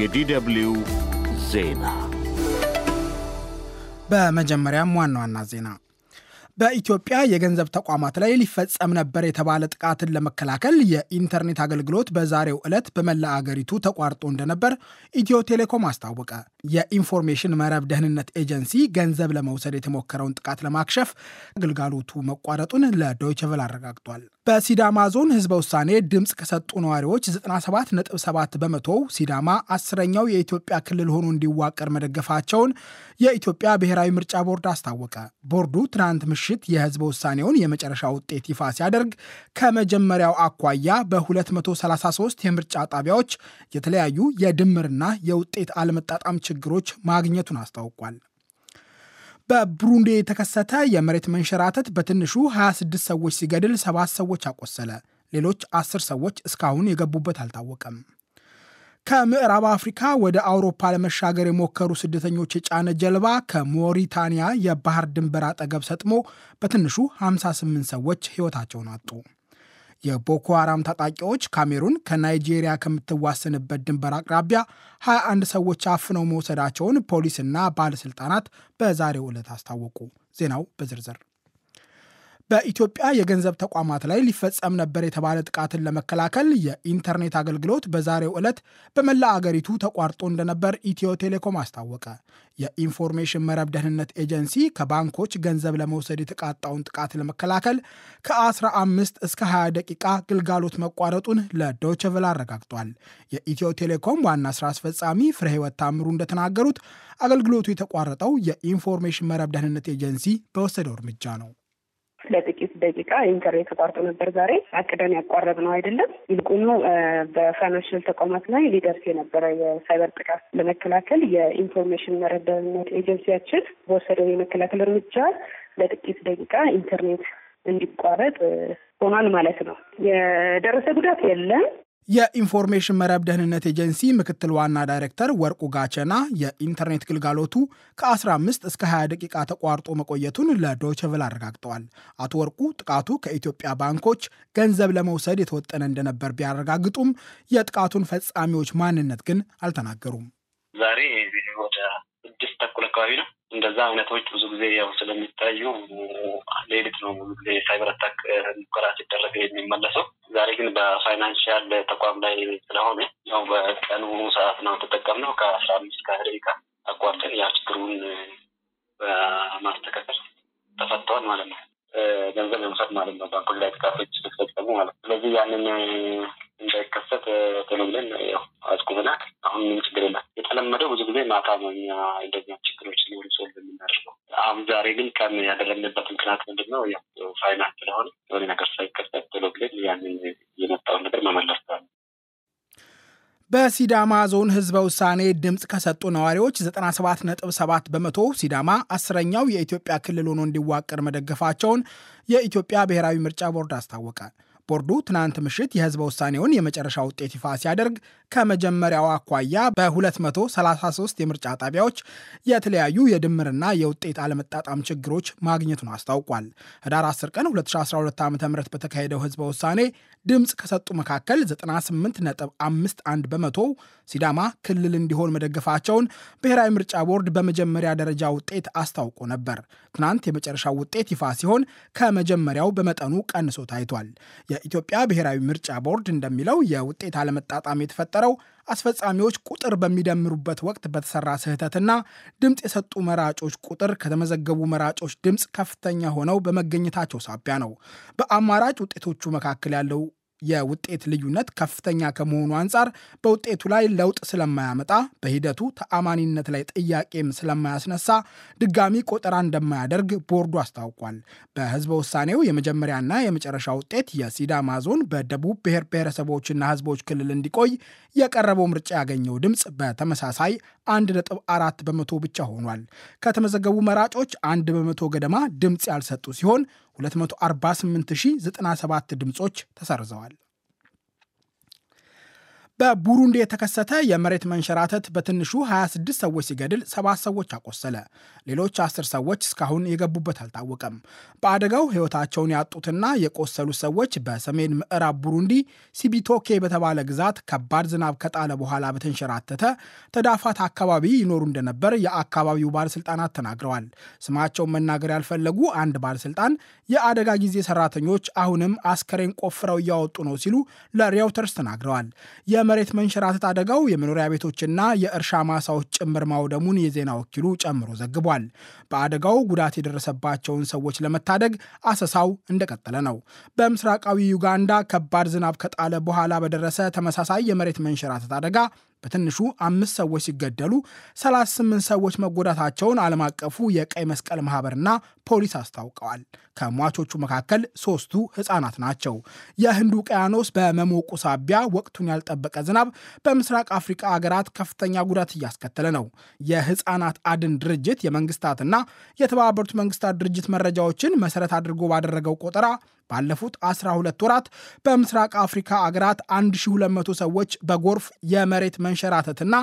የዲደብልዩ ዜና በመጀመሪያም ዋና ዋና ዜና በኢትዮጵያ የገንዘብ ተቋማት ላይ ሊፈጸም ነበር የተባለ ጥቃትን ለመከላከል የኢንተርኔት አገልግሎት በዛሬው ዕለት በመላ አገሪቱ ተቋርጦ እንደነበር ኢትዮ ቴሌኮም አስታወቀ። የኢንፎርሜሽን መረብ ደህንነት ኤጀንሲ ገንዘብ ለመውሰድ የተሞከረውን ጥቃት ለማክሸፍ አገልጋሎቱ መቋረጡን ለዶይቸቨል አረጋግጧል። በሲዳማ ዞን ህዝበ ውሳኔ ድምፅ ከሰጡ ነዋሪዎች 97.7 በመቶ ሲዳማ አስረኛው የኢትዮጵያ ክልል ሆኖ እንዲዋቀር መደገፋቸውን የኢትዮጵያ ብሔራዊ ምርጫ ቦርድ አስታወቀ። ቦርዱ ትናንት ምሽት የህዝበ ውሳኔውን የመጨረሻ ውጤት ይፋ ሲያደርግ ከመጀመሪያው አኳያ በ233 የምርጫ ጣቢያዎች የተለያዩ የድምርና የውጤት አለመጣጣም ችግር ችግሮች ማግኘቱን አስታውቋል። በብሩንዲ የተከሰተ የመሬት መንሸራተት በትንሹ 26 ሰዎች ሲገድል ሰባት ሰዎች አቆሰለ። ሌሎች አስር ሰዎች እስካሁን የገቡበት አልታወቀም። ከምዕራብ አፍሪካ ወደ አውሮፓ ለመሻገር የሞከሩ ስደተኞች የጫነ ጀልባ ከሞሪታንያ የባህር ድንበር አጠገብ ሰጥሞ በትንሹ 58 ሰዎች ሕይወታቸውን አጡ። የቦኮ ሐራም ታጣቂዎች ካሜሩን ከናይጄሪያ ከምትዋሰንበት ድንበር አቅራቢያ 21 ሰዎች አፍነው መውሰዳቸውን ፖሊስና ባለሥልጣናት በዛሬው ዕለት አስታወቁ። ዜናው በዝርዝር በኢትዮጵያ የገንዘብ ተቋማት ላይ ሊፈጸም ነበር የተባለ ጥቃትን ለመከላከል የኢንተርኔት አገልግሎት በዛሬው ዕለት በመላ አገሪቱ ተቋርጦ እንደነበር ኢትዮ ቴሌኮም አስታወቀ። የኢንፎርሜሽን መረብ ደህንነት ኤጀንሲ ከባንኮች ገንዘብ ለመውሰድ የተቃጣውን ጥቃት ለመከላከል ከ15 እስከ 20 ደቂቃ ግልጋሎት መቋረጡን ለዶይቼ አረጋግጧል። የኢትዮ ቴሌኮም ዋና ስራ አስፈጻሚ ፍሬህይወት ታምሩ እንደተናገሩት አገልግሎቱ የተቋረጠው የኢንፎርሜሽን መረብ ደህንነት ኤጀንሲ በወሰደው እርምጃ ነው። ደቂቃ ኢንተርኔት ተቋርጦ ነበር። ዛሬ አቅደን ያቋረጥ ነው አይደለም። ይልቁኑ በፋይናንሽል ተቋማት ላይ ሊደርስ የነበረ የሳይበር ጥቃት ለመከላከል የኢንፎርሜሽን መረብ ደህንነት ኤጀንሲያችን በወሰደው የመከላከል እርምጃ ለጥቂት ደቂቃ ኢንተርኔት እንዲቋረጥ ሆኗል ማለት ነው። የደረሰ ጉዳት የለም። የኢንፎርሜሽን መረብ ደህንነት ኤጀንሲ ምክትል ዋና ዳይሬክተር ወርቁ ጋቸና የኢንተርኔት ግልጋሎቱ ከ15 እስከ 20 ደቂቃ ተቋርጦ መቆየቱን ለዶችቭል አረጋግጠዋል። አቶ ወርቁ ጥቃቱ ከኢትዮጵያ ባንኮች ገንዘብ ለመውሰድ የተወጠነ እንደነበር ቢያረጋግጡም የጥቃቱን ፈጻሚዎች ማንነት ግን አልተናገሩም። ዛሬ አካባቢ ነው። እንደዛ አይነቶች ብዙ ጊዜ ያው ስለሚታዩ ሌሊት ነው ብዙ ጊዜ ሳይበር አታክ ሙከራ ሲደረግ የሚመለሰው። ዛሬ ግን በፋይናንሽያል ተቋም ላይ ስለሆነ ያው በቀኑ ሰዓት ነው ተጠቀምነው ከአስራ አምስት ከደቂቃ አቋርጠን ያ ችግሩን በማስተካከል ተፈተዋል ማለት ነው። ገንዘብ የመውሰድ ማለት ነው ባንኩ ላይ ጥቃቶች ስለተፈጸሙ ማለት ነው። ስለዚህ ያንን እንዳይከሰት ቶሎ ብለን ያው አስቁመናል። አሁን ምን ችግር የለም። የተለመደው ብዙ ጊዜ ማታ ነው እኛ እንደኛ አሁን ዛሬ ግን ቀን ያደረግንበት ምክንያት ምንድን ነው? ፋይናንስ ስለሆነ የሆነ ነገር ሳይከሰት ብሎ ግን ያንን የመጣውን ነገር መመለስ በሲዳማ ዞን ህዝበ ውሳኔ ድምፅ ከሰጡ ነዋሪዎች 97.7 በመቶ ሲዳማ አስረኛው የኢትዮጵያ ክልል ሆኖ እንዲዋቀር መደገፋቸውን የኢትዮጵያ ብሔራዊ ምርጫ ቦርድ አስታወቀ። ቦርዱ ትናንት ምሽት የህዝበ ውሳኔውን የመጨረሻ ውጤት ይፋ ሲያደርግ ከመጀመሪያው አኳያ በ233 የምርጫ ጣቢያዎች የተለያዩ የድምርና የውጤት አለመጣጣም ችግሮች ማግኘቱን አስታውቋል። ህዳር 10 ቀን 2012 ዓ ም በተካሄደው ህዝበ ውሳኔ ድምፅ ከሰጡ መካከል 98.51 በመቶ ሲዳማ ክልል እንዲሆን መደገፋቸውን ብሔራዊ ምርጫ ቦርድ በመጀመሪያ ደረጃ ውጤት አስታውቆ ነበር። ትናንት የመጨረሻው ውጤት ይፋ ሲሆን ከመጀመሪያው በመጠኑ ቀንሶ ታይቷል። የኢትዮጵያ ብሔራዊ ምርጫ ቦርድ እንደሚለው የውጤት አለመጣጣም የተፈጠረው አስፈጻሚዎች ቁጥር በሚደምሩበት ወቅት በተሰራ ስህተትና ድምፅ የሰጡ መራጮች ቁጥር ከተመዘገቡ መራጮች ድምፅ ከፍተኛ ሆነው በመገኘታቸው ሳቢያ ነው። በአማራጭ ውጤቶቹ መካከል ያለው የውጤት ልዩነት ከፍተኛ ከመሆኑ አንጻር በውጤቱ ላይ ለውጥ ስለማያመጣ በሂደቱ ተአማኒነት ላይ ጥያቄም ስለማያስነሳ ድጋሚ ቆጠራ እንደማያደርግ ቦርዱ አስታውቋል። በህዝበ ውሳኔው የመጀመሪያና የመጨረሻ ውጤት የሲዳማ ዞን በደቡብ ብሔር ብሔረሰቦችና ህዝቦች ክልል እንዲቆይ የቀረበው ምርጫ ያገኘው ድምፅ በተመሳሳይ 1.4 በመቶ ብቻ ሆኗል። ከተመዘገቡ መራጮች አንድ በመቶ ገደማ ድምፅ ያልሰጡ ሲሆን 248097 ድምፆች ተሰርዘዋል። በቡሩንዲ የተከሰተ የመሬት መንሸራተት በትንሹ 26 ሰዎች ሲገድል ሰባት ሰዎች አቆሰለ። ሌሎች አስር ሰዎች እስካሁን የገቡበት አልታወቀም። በአደጋው ሕይወታቸውን ያጡትና የቆሰሉ ሰዎች በሰሜን ምዕራብ ቡሩንዲ ሲቢቶኬ በተባለ ግዛት ከባድ ዝናብ ከጣለ በኋላ በተንሸራተተ ተዳፋት አካባቢ ይኖሩ እንደነበር የአካባቢው ባለስልጣናት ተናግረዋል። ስማቸውን መናገር ያልፈለጉ አንድ ባለስልጣን የአደጋ ጊዜ ሰራተኞች አሁንም አስከሬን ቆፍረው እያወጡ ነው ሲሉ ለሪያውተርስ ተናግረዋል። የመሬት መንሸራተት አደጋው የመኖሪያ ቤቶችና የእርሻ ማሳዎች ጭምር ማውደሙን የዜና ወኪሉ ጨምሮ ዘግቧል። በአደጋው ጉዳት የደረሰባቸውን ሰዎች ለመታደግ አሰሳው እንደቀጠለ ነው። በምስራቃዊ ዩጋንዳ ከባድ ዝናብ ከጣለ በኋላ በደረሰ ተመሳሳይ የመሬት መንሸራተት አደጋ በትንሹ አምስት ሰዎች ሲገደሉ 38 ሰዎች መጎዳታቸውን ዓለም አቀፉ የቀይ መስቀል ማህበርና ፖሊስ አስታውቀዋል። ከሟቾቹ መካከል ሶስቱ ህፃናት ናቸው። የህንዱ ውቅያኖስ በመሞቁ ሳቢያ ወቅቱን ያልጠበቀ ዝናብ በምስራቅ አፍሪካ አገራት ከፍተኛ ጉዳት እያስከተለ ነው። የህፃናት አድን ድርጅት የመንግስታትና የተባበሩት መንግስታት ድርጅት መረጃዎችን መሰረት አድርጎ ባደረገው ቆጠራ ባለፉት 12 ወራት በምስራቅ አፍሪካ አገራት 1200 ሰዎች በጎርፍ የመሬት መንሸራተትና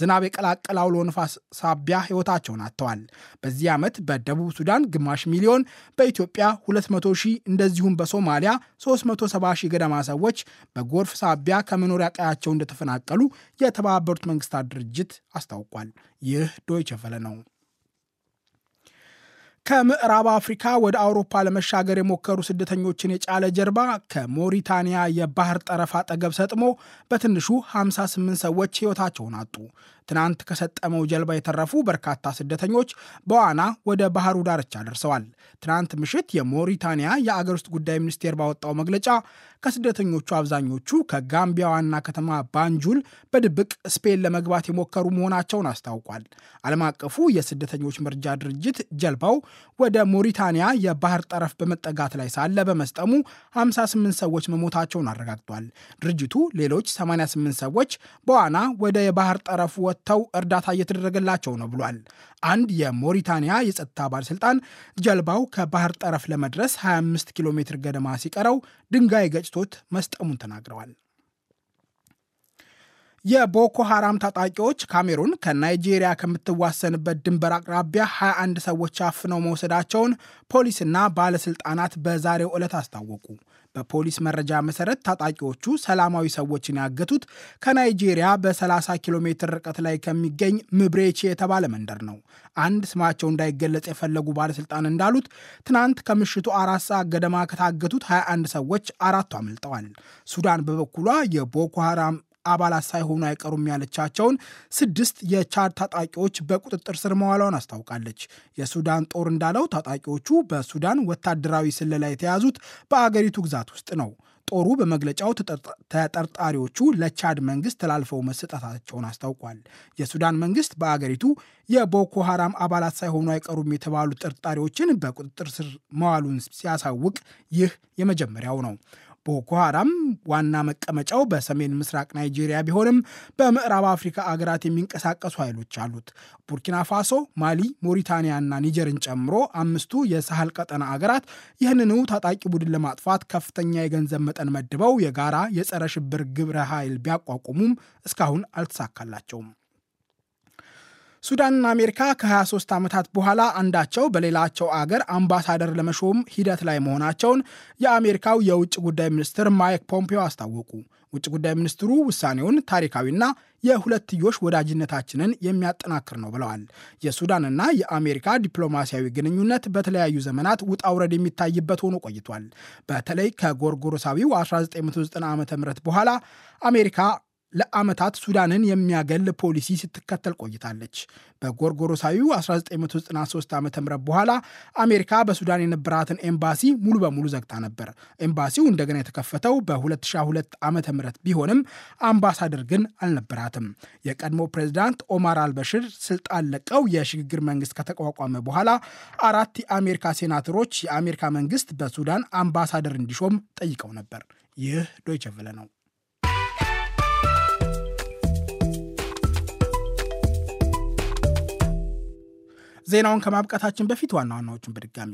ዝናብ የቀላቀለ አውሎ ንፋስ ሳቢያ ሕይወታቸውን አጥተዋል። በዚህ ዓመት በደቡብ ሱዳን ግማሽ ሚሊዮን፣ በኢትዮጵያ 200 ሺህ እንደዚሁም በሶማሊያ 370 ሺህ ገደማ ሰዎች በጎርፍ ሳቢያ ከመኖሪያ ቀያቸው እንደተፈናቀሉ የተባበሩት መንግስታት ድርጅት አስታውቋል። ይህ ዶይቸ ቬለ ነው። ከምዕራብ አፍሪካ ወደ አውሮፓ ለመሻገር የሞከሩ ስደተኞችን የጫለ ጀልባ ከሞሪታንያ የባህር ጠረፍ አጠገብ ሰጥሞ በትንሹ 58 ሰዎች ሕይወታቸውን አጡ። ትናንት ከሰጠመው ጀልባ የተረፉ በርካታ ስደተኞች በዋና ወደ ባህሩ ዳርቻ ደርሰዋል። ትናንት ምሽት የሞሪታንያ የአገር ውስጥ ጉዳይ ሚኒስቴር ባወጣው መግለጫ ከስደተኞቹ አብዛኞቹ ከጋምቢያ ዋና ከተማ ባንጁል በድብቅ ስፔን ለመግባት የሞከሩ መሆናቸውን አስታውቋል። ዓለም አቀፉ የስደተኞች መርጃ ድርጅት ጀልባው ወደ ሞሪታንያ የባህር ጠረፍ በመጠጋት ላይ ሳለ በመስጠሙ 58 ሰዎች መሞታቸውን አረጋግጧል። ድርጅቱ ሌሎች 88 ሰዎች በዋና ወደ የባህር ጠረፍ ወጥተው እርዳታ እየተደረገላቸው ነው ብሏል። አንድ የሞሪታንያ የጸጥታ ባለስልጣን ጀልባው ከባህር ጠረፍ ለመድረስ 25 ኪሎ ሜትር ገደማ ሲቀረው ድንጋይ ገጭ አስቶት መስጠሙን ተናግረዋል። የቦኮ ሐራም ታጣቂዎች ካሜሩን ከናይጄሪያ ከምትዋሰንበት ድንበር አቅራቢያ 21 ሰዎች አፍነው መውሰዳቸውን ፖሊስና ባለሥልጣናት በዛሬው ዕለት አስታወቁ። በፖሊስ መረጃ መሰረት ታጣቂዎቹ ሰላማዊ ሰዎችን ያገቱት ከናይጄሪያ በ30 ኪሎ ሜትር ርቀት ላይ ከሚገኝ ምብሬቼ የተባለ መንደር ነው። አንድ ስማቸው እንዳይገለጽ የፈለጉ ባለስልጣን እንዳሉት ትናንት ከምሽቱ አራት ሰዓት ገደማ ከታገቱት 21 ሰዎች አራቱ አምልጠዋል። ሱዳን በበኩሏ የቦኮ ሀራም አባላት ሳይሆኑ አይቀሩም ያለቻቸውን ስድስት የቻድ ታጣቂዎች በቁጥጥር ስር መዋሏን አስታውቃለች። የሱዳን ጦር እንዳለው ታጣቂዎቹ በሱዳን ወታደራዊ ስለላ የተያዙት በአገሪቱ ግዛት ውስጥ ነው። ጦሩ በመግለጫው ተጠርጣሪዎቹ ለቻድ መንግስት ተላልፈው መሰጠታቸውን አስታውቋል። የሱዳን መንግስት በአገሪቱ የቦኮ ሐራም አባላት ሳይሆኑ አይቀሩም የተባሉ ጠርጣሪዎችን በቁጥጥር ስር መዋሉን ሲያሳውቅ ይህ የመጀመሪያው ነው። ቦኮ ሃራም ዋና መቀመጫው በሰሜን ምስራቅ ናይጄሪያ ቢሆንም በምዕራብ አፍሪካ አገራት የሚንቀሳቀሱ ኃይሎች አሉት። ቡርኪና ፋሶ፣ ማሊ፣ ሞሪታንያና ኒጀርን ጨምሮ አምስቱ የሳህል ቀጠና አገራት ይህንኑ ታጣቂ ቡድን ለማጥፋት ከፍተኛ የገንዘብ መጠን መድበው የጋራ የጸረ ሽብር ግብረ ኃይል ቢያቋቁሙም እስካሁን አልተሳካላቸውም። ሱዳንና አሜሪካ ከ23 ዓመታት በኋላ አንዳቸው በሌላቸው አገር አምባሳደር ለመሾም ሂደት ላይ መሆናቸውን የአሜሪካው የውጭ ጉዳይ ሚኒስትር ማይክ ፖምፒዮ አስታወቁ። ውጭ ጉዳይ ሚኒስትሩ ውሳኔውን ታሪካዊና የሁለትዮሽ ወዳጅነታችንን የሚያጠናክር ነው ብለዋል። የሱዳንና የአሜሪካ ዲፕሎማሲያዊ ግንኙነት በተለያዩ ዘመናት ውጣውረድ የሚታይበት ሆኖ ቆይቷል። በተለይ ከጎርጎሮሳዊው 1990 ዓ ም በኋላ አሜሪካ ለዓመታት ሱዳንን የሚያገል ፖሊሲ ስትከተል ቆይታለች። በጎርጎሮሳዊው 1993 ዓ ም በኋላ አሜሪካ በሱዳን የነበራትን ኤምባሲ ሙሉ በሙሉ ዘግታ ነበር። ኤምባሲው እንደገና የተከፈተው በ2002 ዓ ም ቢሆንም አምባሳደር ግን አልነበራትም። የቀድሞ ፕሬዚዳንት ኦማር አልበሽር ስልጣን ለቀው የሽግግር መንግስት ከተቋቋመ በኋላ አራት የአሜሪካ ሴናተሮች የአሜሪካ መንግስት በሱዳን አምባሳደር እንዲሾም ጠይቀው ነበር። ይህ ዶይቸ ቬለ ነው። ዜናውን ከማብቃታችን በፊት ዋና ዋናዎቹን በድጋሚ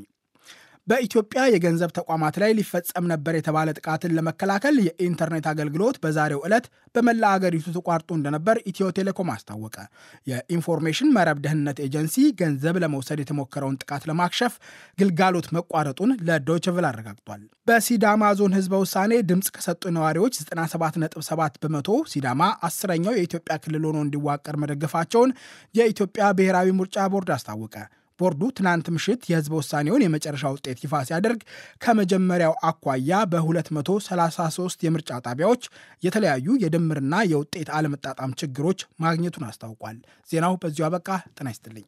በኢትዮጵያ የገንዘብ ተቋማት ላይ ሊፈጸም ነበር የተባለ ጥቃትን ለመከላከል የኢንተርኔት አገልግሎት በዛሬው ዕለት በመላ አገሪቱ ተቋርጦ እንደነበር ኢትዮ ቴሌኮም አስታወቀ። የኢንፎርሜሽን መረብ ደህንነት ኤጀንሲ ገንዘብ ለመውሰድ የተሞከረውን ጥቃት ለማክሸፍ ግልጋሎት መቋረጡን ለዶችቭል አረጋግጧል። በሲዳማ ዞን ህዝበ ውሳኔ ድምፅ ከሰጡ ነዋሪዎች 97.7 በመቶ ሲዳማ አስረኛው የኢትዮጵያ ክልል ሆኖ እንዲዋቀር መደገፋቸውን የኢትዮጵያ ብሔራዊ ምርጫ ቦርድ አስታወቀ። ቦርዱ ትናንት ምሽት የህዝበ ውሳኔውን የመጨረሻ ውጤት ይፋ ሲያደርግ ከመጀመሪያው አኳያ በ233 የምርጫ ጣቢያዎች የተለያዩ የድምርና የውጤት አለመጣጣም ችግሮች ማግኘቱን አስታውቋል። ዜናው በዚሁ አበቃ። ጤና ይስጥልኝ።